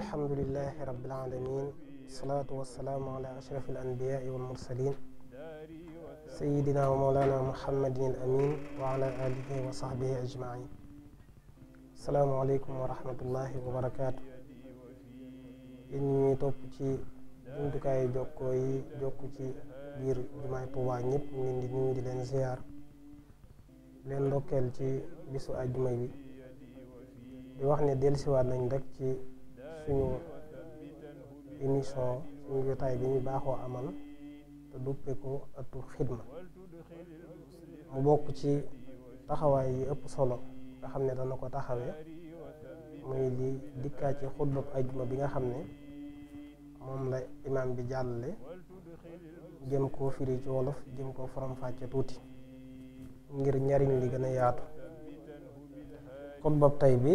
alhamdulilahi rabbil alamin salaatu wassalaamu ala ashrafil anbiyaai wal mursalin sayidina wa mawlana muhammadin al amin wa ala alihi wa sahbihi ajmain asalaamu aleykum wa rahmatullahi wa barakaatu yéen ñuy topp ci jumtukaayu jokkoo yi jokku ci biir jumaay Tuubaa ñëpp ñu leen di nuyu di leen ziar leen ndokkeel ci bisu àjjuma bi di wax ne dellusiwaat nañ rek ci suñu émission suñu jotaay bi ñu baaxoo amal te duppe ko ëttu xidma mu bokk ci taxawaay yi ëpp solo nga xam ne dana ko taxawe muy li dikkaat ci xutbab ajuma bi nga xam ne moom la imaam bi jàllale jëm koo firi ci wolof jëm koo faram-fàcce tuuti ngir njariñ li gën a yaatu xutbab tey bi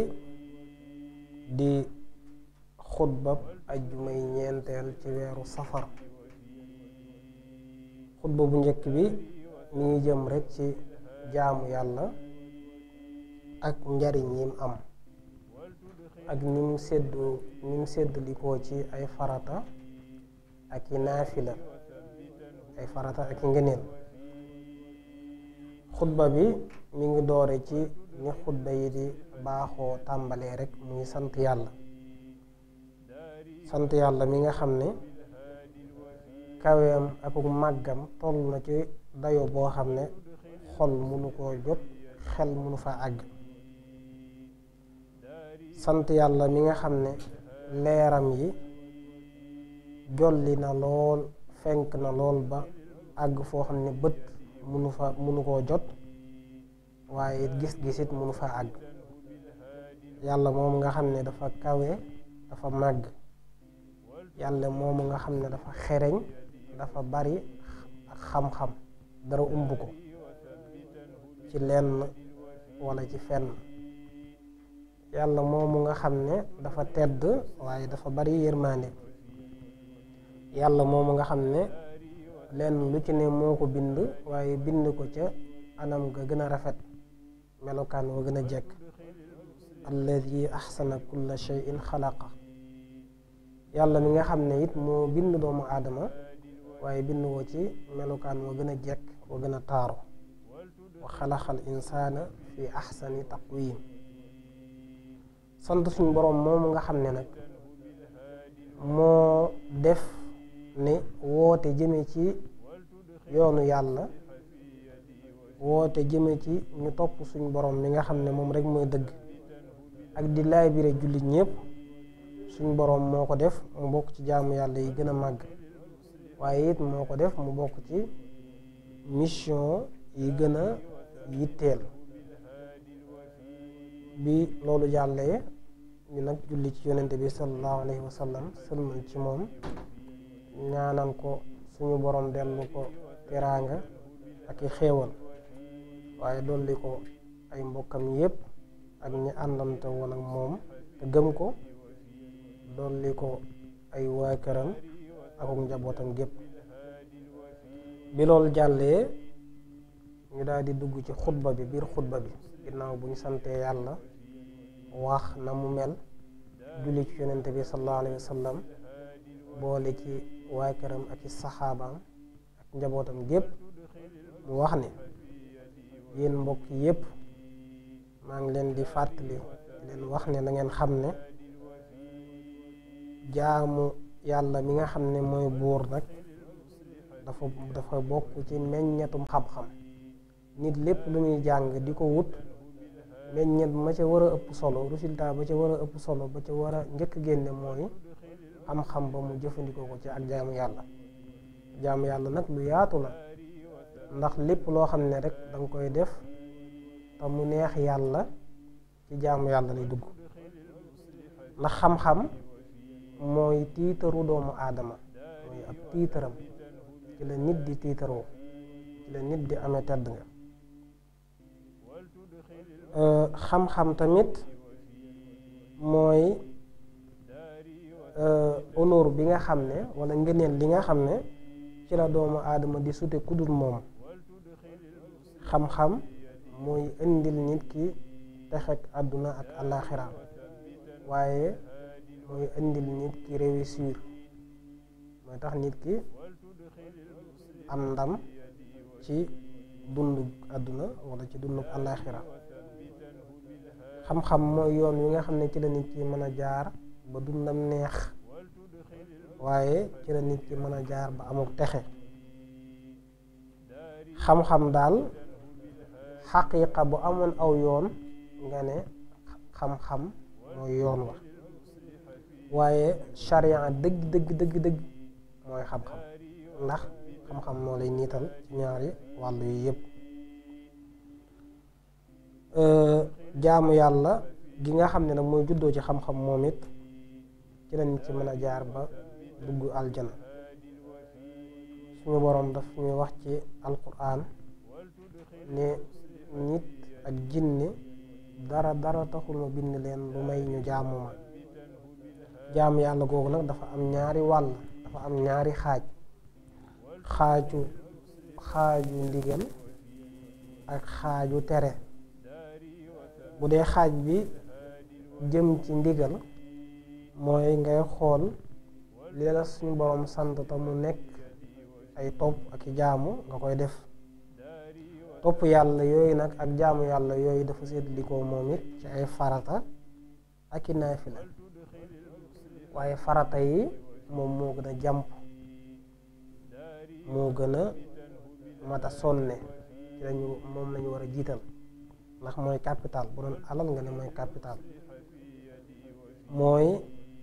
di xutbab ajjumay ñeenteel ci weeru safar xutba bu njëkk bi mu ngi jëm rekk ci jaamu yàlla ak njariñ yim am ak ni mu séddu ni mu séddalikoo ci ay farata ak i naafila ay farata ak i ngëneel xutba bi mu ngi doore ci ni xutba yi di baaxoo tàmbalee rekk mu ngi sant yàlla sant yàlla mi nga xam ne kaweem ak màggam toll na ci dayo boo xam ne xol munu koo jot xel munu faa àgg sant yàlla mi nga xam ne leeram yi jolli na lool fenk na lool ba àgg foo xam ne bët munu fa munu koo jot waaye gis-gisit munu faa àgg yàlla moom nga xam ne dafa kawe dafa màgg yàlla moomu nga xam ne dafa xereñ dafa bari ak xam-xam dara umb ko ci lenn wala ci fenn yàlla moomu nga xam ne dafa tedd waaye dafa bari yërmaande yàlla moomu nga xam ne lenn lu ci ne moo ko bind waaye bind ko ca anam ga gën a rafet melokaan wa gën a jekk alladi axsana kulla cheyin xalaqa yàlla mi nga xam ne it moo bind doomu aadama waaye bind woo ci melokaan moo gën a jekk moo gën a taaru wa xalaxal insaana fi axsani taqwiim sant suñu boroom moom nga xam ne nag moo def ne woote jëme ci yoonu yàlla woote jëme ci ñu topp suñu boroom mi nga xam ne moom rekk mooy dëgg ak di laay bire jullit ñépp suñu boroom moo ko def mu bokk ci jaamu yàlla yi gën a màgg waaye it moo ko def mu bokk ci mission yi gën a yitteel bi loolu jàllee ñu nag julli ci yonente bi sallallahu alayhi wa sallam ci moom ñaanal ko suñu borom dellu ko teraanga ak i xéewal waaye dolli ko ay mbokkam yépp ak ñi àndante woon ak moom te gëm ko dolli ko ay waa këram akum njabootam gépp bi loolu jàllee ñu daldi dugg ci xutba bi biir xutba bi ginnaaw bu ñu santee yàlla wax na mu mel julli ci yonente bi sallallahu alayhi wa sallam boole ci waa këram ak i saxaabaam ak njabootam gépp mu wax ne yéen mbokk yépp maa ngi leen di fàttali leen wax ne na ngeen xam ne jaamu yàlla mi nga xam ne mooy buur nag dafa dafa bokk ci meññetum xam-xam nit lépp lu muy jàng di ko wut meññet ma ca war a ëpp solo résultat ba ca war a ëpp solo ba ca war a njëkk génne mooy xam-xam ba mu jëfandikoo ko ci ak jaamu yàlla jaamu yàlla nag lu yaatu la ndax lépp loo xam ne rek danga koy def te mu neex yàlla ci jaamu yàlla lay dugg ndax xam-xam mooy tiitaru doomu aadama mooy ab tiitaram ci la nit di tiitaroo ci la nit di amee tedd nga euh, xam-xam tamit mooy euh, honneur bi nga xam ne wala ngëneel li nga xam ne ci la doomu aadama di sute kudul moom xam-xam mooy indil nit ki texek àdduna ak àllaaxira waaye mooy indil nit ki réussir mooy tax nit ki am ndam ci dundu àdduna wala ci dundu àllaaxira xam-xam mooy yoon wi nga xam ne ci la nit ki mën a jaar ba dundam neex waaye ci la nit ki mën a jaar ba amuk texe xam-xam daal xaqiiqa bu amoon aw yoon nga ne xam-xam mooy yoon wa waaye charia dëgg dëgg dëgg dëgg mooy xam-xam ndax xam-xam moo lay niital ci ñaari wàll yu yëpp jaamu yàlla gi nga xam ne nag mooy juddoo ci xam-xam moom it ci lañ ci mën a jaar ba dugg aljana suñu boroom daf ñuy wax ci alquran ne nit ak jinne dara dara taxul ma bind leen lu may ñu jaamu jaamu yàlla googu nag dafa am ñaari wàll dafa am ñaari xaaj xaaju xaaju ndigal ak xaaju tere bu dee xaaj bi jëm ci ndigal mooy ngay xool li la suñu borom sant mu nekk ay topp ak jaamu nga koy def topp yàlla yooyu nag ak jaamu yàlla yooyu dafa seetlikoo moom it ci ay farata ak i naafila waaye farata yi moom moo gën a jàmp moo gën a mata sonne ci moom lañu war a jiital ndax mooy capital bu doon alal nga ne mooy capital mooy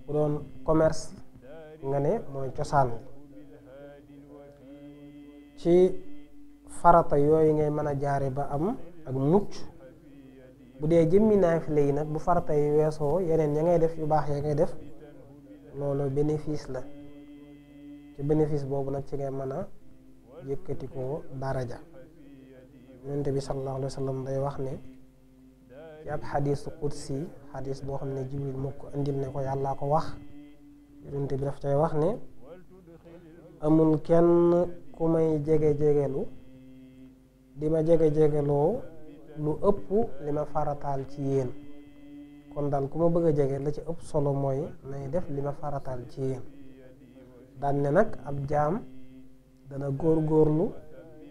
bu doon commerce nga ne mooy cosaan ci farata yooyu ngay mën a jaare ba am ak mucc bu dee jëmmi naafile yi nag bu farata yi weesoo yeneen ya ngay def yu baax ya ngay def loolu bénéfice la ci bénéfice boobu nag ci ngay mën a yëkkati daraja yonent bi sallallahu alayhi wa sallam day wax ne ci ab xadis qudsi xadis boo xam ne jibril moo ko indil ne ko yàllaa ko wax yonent bi daf cay wax ne amul kenn ku may jege jegelu di ma jege jegeloo lu ëpp li ma farataal ci yéen kon daal ku ma bëgg a jege la ci ëpp solo mooy nay def li ma farataal ci yéen daan ne nag ab jaam dana góor góorlu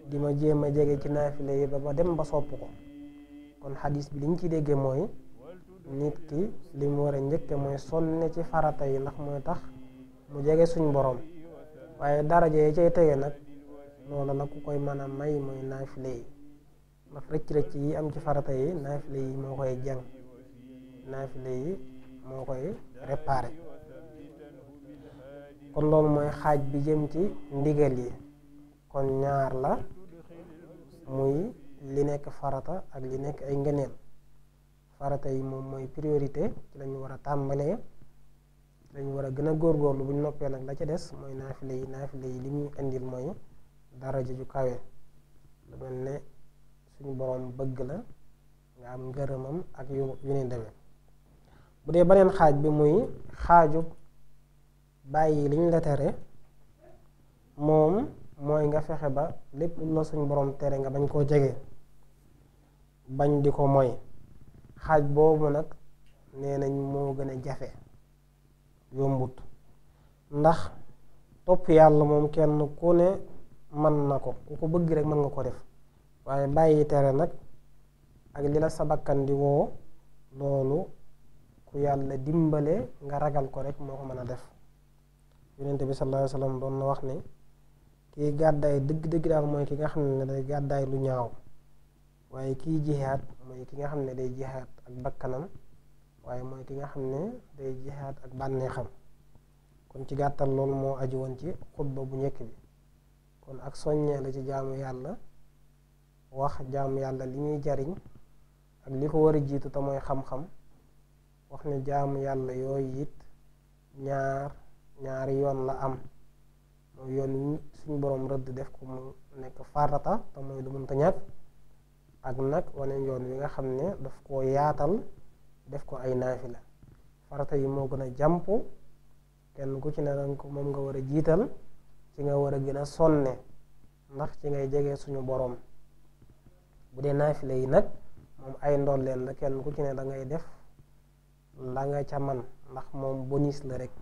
di ma jéem a jege ci naafile yi ba ba dem ba sopp ko kon xadis bi liñ ci déggee mooy nit ki li mu war a njëkke mooy sonne ci farata yi ndax mooy tax mu jege suñ borom waaye daraja yi cay tege nag loolu la ku koy mën a may mooy naafile yi ndax rëcc rëcc yi am ci farata yi naafile yi moo koy jàng naafile yi moo koy réparé kon loolu mooy xaaj bi jëm ci ndigal yi kon ñaar la muy li nekk farata ak li nekk ay ngëneel farata yi moom mooy priorité ci lañu war a tàmbalee ci lañu war a gën a góor bu ñu noppee nag la ci des mooy naafile yi naafile yi li muy indil mooy daraja ju kawe lu mel ne suñu boroom bëgg la nga am ngërëmam ak yu yu ne demee bu dee beneen xaaj bi muy xaajub bàyyi liñ la tere moom mooy nga fexe ba lépp lu la suñ boroom tere nga bañ koo jege bañ di ko moy xaaj boobu nag nee nañ moo gën a jafe yombut ndax topp yàlla moom kenn ku ne mën na ko ku ko bëgg rek mën nga ko def waaye bàyyi tere nag ak li la sa di woo loolu ku yàlla dimbale nga ragal ko rek moo ko mën a def yonent bi sallallahu alayhi wa sallam doon na wax ne kii gàddaay dëgg-dëgg daal mooy ki nga xam ne day gàddaay lu ñaaw waaye kii jihaat mooy ki nga xam ne day jihaat ak bakkanam waaye mooy ki nga xam ne day jihaat ak bànneexam kon ci gàttal loolu moo aju woon ci xutba bu njëkk bi kon ak soññee la ci jaamu yàlla wax jaamu yàlla li ñuy jariñ ak li ko war a jiitu te mooy xam-xam wax na jaamu yàlla yooyu it ñaar ñaari yoon la am mooy yoon wi suñu boroom rëdd def ko mu nekk farata te mooy lu mënta ñàkk ak nag waneen yoon wi nga xam ne daf koo yaatal def ko ay naafila farata yi moo gën a jàmp kenn ku ci ne danga ko moom nga war a jiital ci nga war a gën a sonne ndax ci ngay jege suñu boroom bu dee naafila yi nag moom ay ndolleen la kenn ku ci ne dangay def la nga ca man ndax moom boniis la rek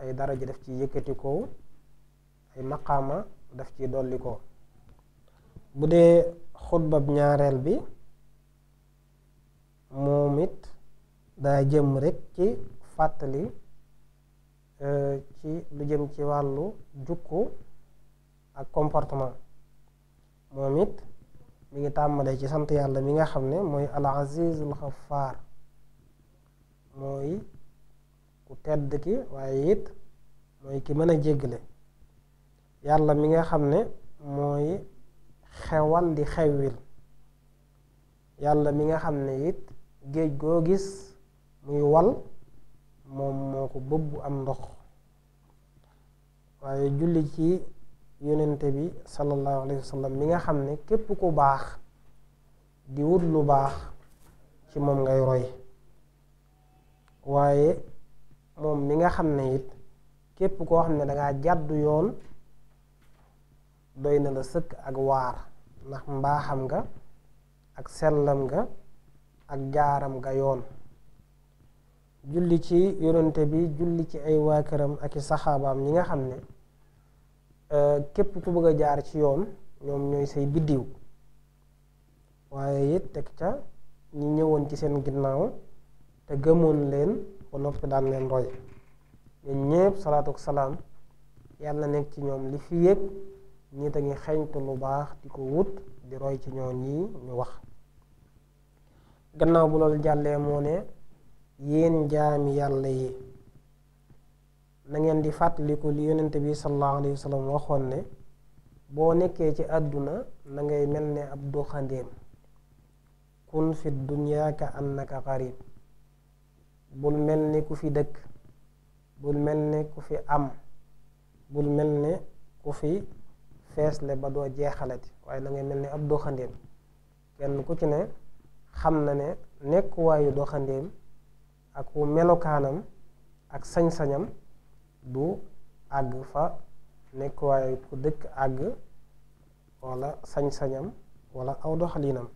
ay dara daraja def ci yëkkati ko ay maqaama def ci dolli bu dee xutbab ñaareel bi moom it daa jëm rek ci fàttali e, ci lu jëm ci wàllu jukku ak comportement moom it mu ngi tàmbalee ci sant yàlla mi nga xam ne mooy al azizul xafaar mooy ku tedd ki waaye it mooy ki mën a jéggale yàlla mi nga xam ne mooy xewal di xewwil yàlla mi nga xam ne it géej goo gis muy wal moom moo ko bëbb am ndox waaye julli ci yonente bi sallallahu alayhi wa mi nga xam ne képp ku baax di wut lu baax ci moom ngay roy waaye moom mi nga xam ne it képp koo xam ne dangaa jàddu yoon doy na la sëkk ak waar ndax mbaaxam nga ak sellam nga ak jaaram nga yoon julli ci yonente bi julli ci ay waa këram ak i saxaabaam ñi nga xam ne euh, képp ku bëgg a jaar ci yoon ñoom ñooy say biddiw waaye it teg ca ñi ñëwoon ci seen ginnaaw te gëmoon leen ba noppi daan leen roy ñun ñépp salaatu ak salaam yàlla nekk ci ñoom li fi yëg ñiita ngi xeñtu lu baax di ko wut di roy ci ñoon yi ñu wax gannaaw bu loolu jàllee moo ne yéen jaami yàlla yi na ngeen di fàttaliku li yonent bi sallallahu alayhi wa waxoon ne boo nekkee ci àdduna na ngay mel ne ab doxandéem kun fi dunya ka annaka garib bul mel ni ku fi dëkk bul mel ni ku fi am bul mel ni ku fi feesle ba doo jeexalati waaye na ngay mel ni ab doxandéem kenn ku ci ne xam na ne nekkuwaayu doxandéem ak wu melokaanam ak sañ-sañam du àgg fa nekkuwaayu ku dëkk àgg wala sañ-sañam wala aw doxaliinam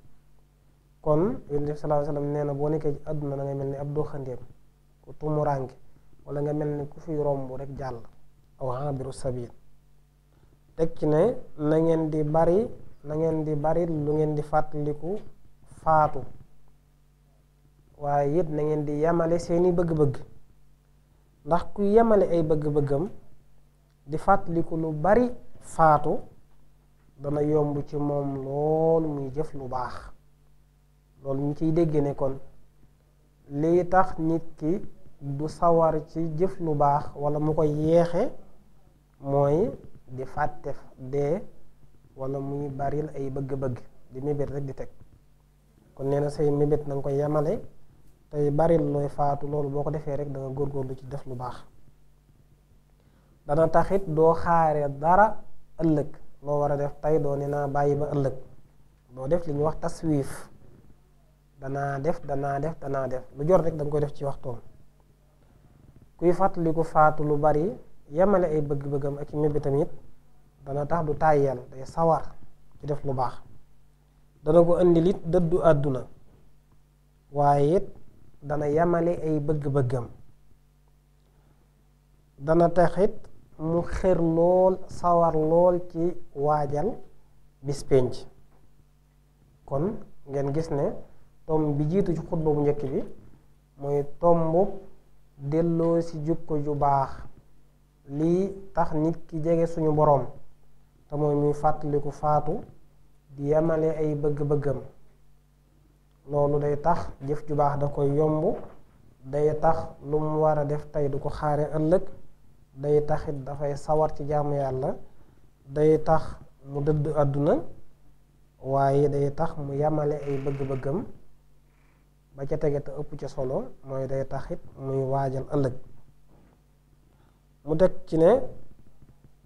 kon yonent bi sallallahu alayhi wasallam nee na boo nekkee ci àdduna da ngay mel ni ab doxandéem ku tumuraange wala nga mel ni ku fi romb rek jàll aw abiru sabil teg ci ne na ngeen di bari nangeen di bari lu ngeen di fàttaliku faatu waaye it na ngeen di yemale seeni bëgg-bëgg ndax ku yemale ay bëgg-bëggam di fàttaliku lu bari faatu dana yomb ci moom lool muy jëf lu baax loolu ñu ciy dégg ne kon lii tax nit ki du sawar ci jëf lu baax wala mu koy yeexe mooy di fàtte dee wala muy baril ay bëgg-bëgg di mébét rek di teg kon nee na say mébét na nga koy yemale tey baril looy faatu loolu boo ko defee rek da nga góorgóorlu ci def lu baax dana taxit doo xaare dara ëllëg loo war a def tey doo ne naa bàyyi ba ëllëg doo def li ñuy wax taswiif danaa def danaa def danaa def lu jot rek da nga koy def ci waxtoom kuy fàttaliku faatu lu bari yemale ay bëgg-bëggam ak mébbi tamit dana tax du tàyyeel day sawar ci def lu baax dana ko indil it dëddu àdduna waaye it dana yemale ay bëgg-bëggam dana taxit mu xër lool sawar lool ci waajal bis pénc kon ngeen gis ne tom bi jiitu ci xutba bu njëkk bi mooy tomb delloo ci jukko ju baax lii tax nit ki jege suñu boroom te muy fàttaliku faatu di yemale ay bëgg-bëggam loolu day tax jëf ju baax da koy yomb day tax lu mu war a def tey du ko xaare ëllëg day taxit dafay sawar ci jaamu yàlla day tax mu dëdd àdduna waaye day tax mu yemale ay bëgg-bëggam ba ca tege te ëpp ca solo mooy day taxit muy waajal ëllëg mu teg ci ne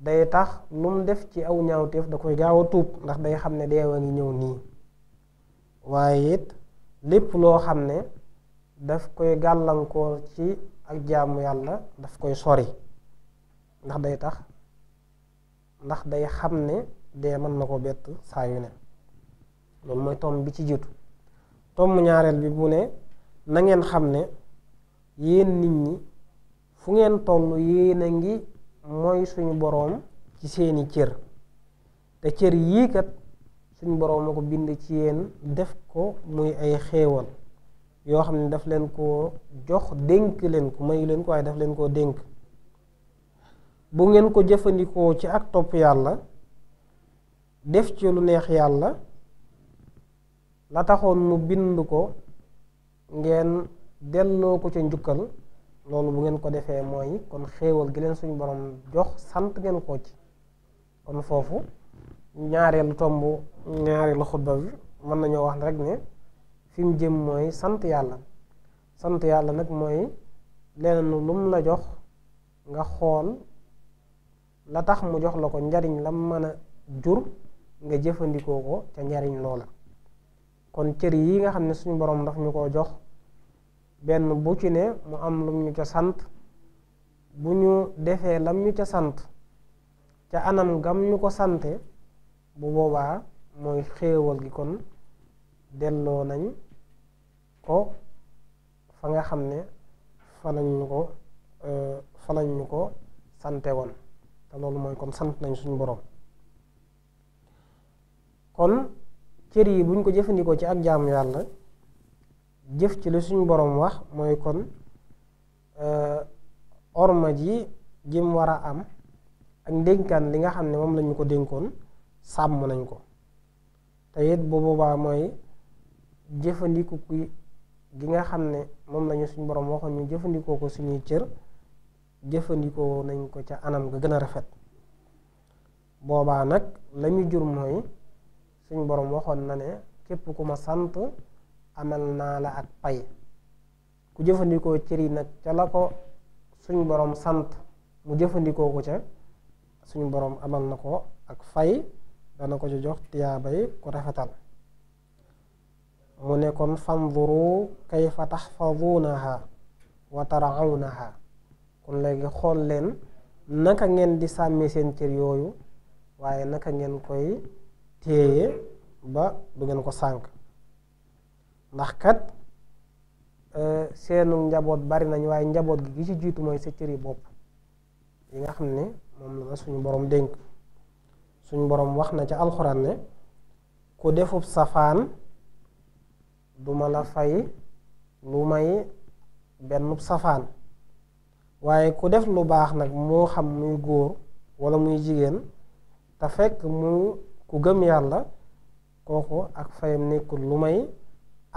day tax lu mu def ci aw ñaawteef da koy gaaw a tuub ndax day xam ne deewa ngi ñëw nii waaye it lépp loo xam ne daf koy gàllankoor ci ak jaamu yàlla daf koy sori ndax day tax ndax day xam ne dee mën na ko bett saa yu ne loolu mooy tom bi ci jiitu tomb ñaareel bi bu ne nangeen xam ne yéen nit ñi fu ngeen toll yéen ngi mooy suñ boroom ci seeni cër te cër yii kat suñu boroom a bind ci yéen def ko muy ay xéewal yoo xam ne daf leen ko jox dénk leen ko mayu leen ko waaye daf leen koo dénk bu ngeen ko jëfandikoo ci ak topp yàlla def ci lu neex yàlla la taxoon mu bind ko ngeen delloo ko ca njukkal loolu bu ngeen ko defee mooy kon xéewal gi leen suñu borom jox sant ngeen ko ci kon foofu ñaareelu tomb ñaareelu xutba bi mën nañoo wax rek ne fi mu jëm mooy sant yàlla sant yàlla nag mooy leneen lu la jox nga xool la tax mu jox la ko njariñ la mën a jur nga jëfandikoo ko ca njariñ loola kon cër yi nga xam ne suñu borom daf ñu koo jox benn bu ci ne mu am lum ñu ca sant bu ñu defee lam ñu ca sant ca anam gam ñu ko sante bu boobaa mooy xéewal gi kon delloo nañ ko fa nga xam ne fa lañ ñu ko euh, fa lañ ñu ko sante woon te loolu mooy kon sant nañ suñu borom kon cër yi buñ ko jëfandikoo ci ak jaamu yàlla jëf ci li suñu boroom wax mooy kon euh, orma ji jim war a am ak ndénkaan li nga xam ne moom lañu ko dénkoon sàmm nañ ko te it bu mooy jëfandiku nga xam ne moom lañu suñu boroom waxoon ñu jëfandikoo ko suñuy cër jëfandikoo nañ ko ca anam ga gën a rafet boobaa nag lañu jur mooy suñ borom waxoon na ne képp ku ma sant amal naa la ak pay ku jëfandikoo cër yi nag ca la ko suñ borom sant mu jëfandikoo ko ca suñ borom amal na ko ak fay dana ko ci jox tiyaaba yi ku rafetal mu ne kon fanzuru kayfa taxfaduunaha wa taraawunaha kon léegi xool leen naka ngeen di sàmmi seen cër yooyu waaye naka ngeen koy téeye ba du ngeen ko sànk ndax kat euh, seenu njaboot bari nañ waaye njaboot gi gi ci jiitu mooy sa cëri bopp yi nga xam ne moom la suñu boroom dénk suñu boroom wax na ca alxuraan ne ku defub safaan duma la fay lu may bennub safaan waaye ku def lu baax nag moo xam muy góor wala muy jigéen te fekk mu ku gëm yàlla kooku ak fayam nekkul lu may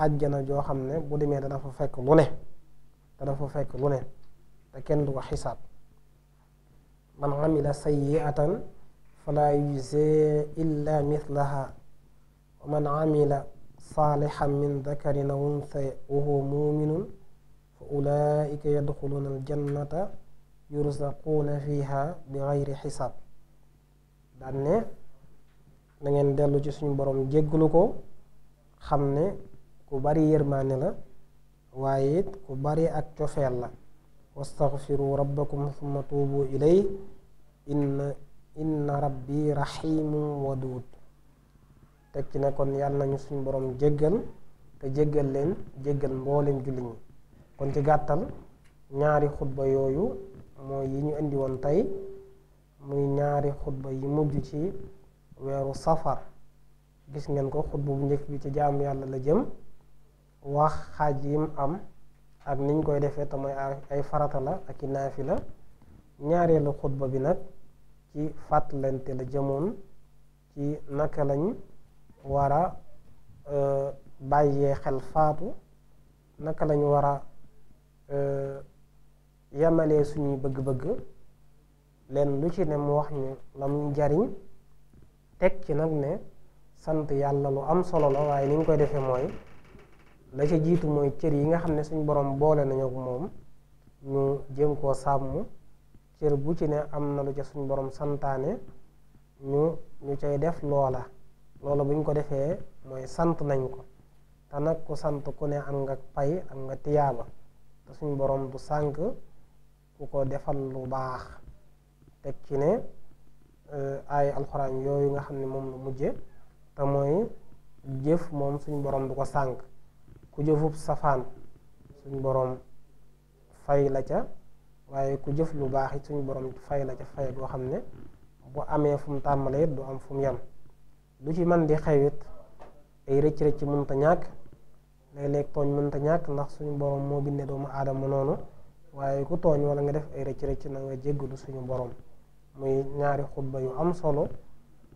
àjjana joo xam ne bu demee dana fa fekk lu ne dana fa fekk lu ne te kenn du ko xisaab man amila sayyi'atan fala yujzaa illa mithlaha wa man amila saalihan min dakarin aw unthaa wa huwa muminun fa ulaa'ika yadxuluuna aljannata yurzaquuna fiiha bi gayri xisaab daan na dellu ci suñu borom jégglu ko xam ne ku bari yërmaane la waaye ku bari ak cofeel la wastaghfiru rabbakum thumma tuubu ilay inna inna rabbi rahimu wadud teg ci ne kon yàlla nañu suñu borom jéggal te jéggal leen jéggal mboolem jullit ñi kon ci gàttal ñaari xutba yooyu mooy yi ñu indi woon tey muy ñaari xutba yi mujj ci weeru safar gis ngeen ko xutba bu njëkk bi ci jaamu yàlla la jëm wax xaaj yim am ak niñ koy defee te mooy ay farata la ak i naafila ñaareelu xutba bi nag ci fàttalante la jëmoon ci naka lañ war a euh, bàyyee xel faatu naka lañu war a euh, yemalee suñuy bëgg-bëgg leen lu ci ne mu wax ñu lam jariñ teg ci nag ne sant yàlla lu am solo la waaye ni koy defee mooy la ci jiitu mooy cër yi nga xam ne suñ borom boole nañu ak moom ñu jéem koo sàmm cër bu ci ne am na lu ca suñ borom santaane ñu ñu cay def loola loola bu ñu ko defee mooy sant nañ ko te nag ku sant ku ne am nga pay am nga tiyaaba te suñ borom du sànk ku ko defal lu baax teg ci ne Euh, ay alxuraan yooyu nga xam ne moom la mujje te mooy jëf moom suñu boroom du ko sànk ku jëfu safaan suñu borom fay la ca waaye ku jëf lu baax it suñu borom fay la ca fay goo xam ne bu amee fu mu tàmbalee du am fu mu lu ci man di xewit ay rëcc rëcc mënta ñàkk léeg-léeg tooñ mënta ñàkk ndax suñu borom moo bindee doomu aadama noonu waaye ku tooñ wala nga def ay rëcc rëcc na nga jéggalu suñu borom muy ñaari xutba yu am solo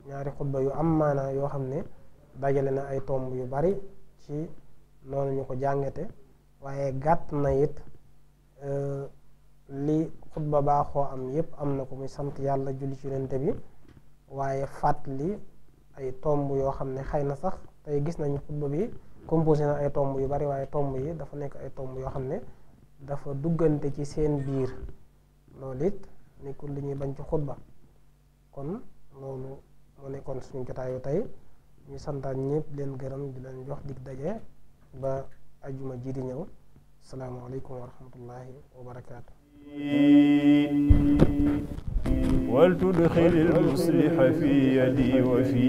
ñaari xutba yu am maanaa yoo xam ne dajale na ay tomb yu bari ci loolu ñu ko jàngate waaye gàtt na it e, li xutba baaxoo am yépp am na ko muy sant yàlla julli ci yonent bi waaye fàttali ay tomb yoo xam ne xëy na sax tey gis nañu xutba bi composé na ay tomb yu bari waaye tomb yi dafa nekk ay tomb yoo xam ne dafa duggante ci seen biir loolu it nekkul li ñuy bañ ci xutba kon loolu moo nekkoon suñu jotaayu tey ñu santaan ñëpp leen gërëm di leen wax dig daje ba ajuma ji di ñëw salaamaaleykum wa rahmatullahi wa barakaatu wal tudxil al-musliha fi yadi wa fi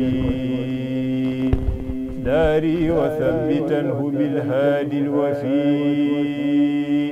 daari wa thabbitanhu bil haadi al-wafi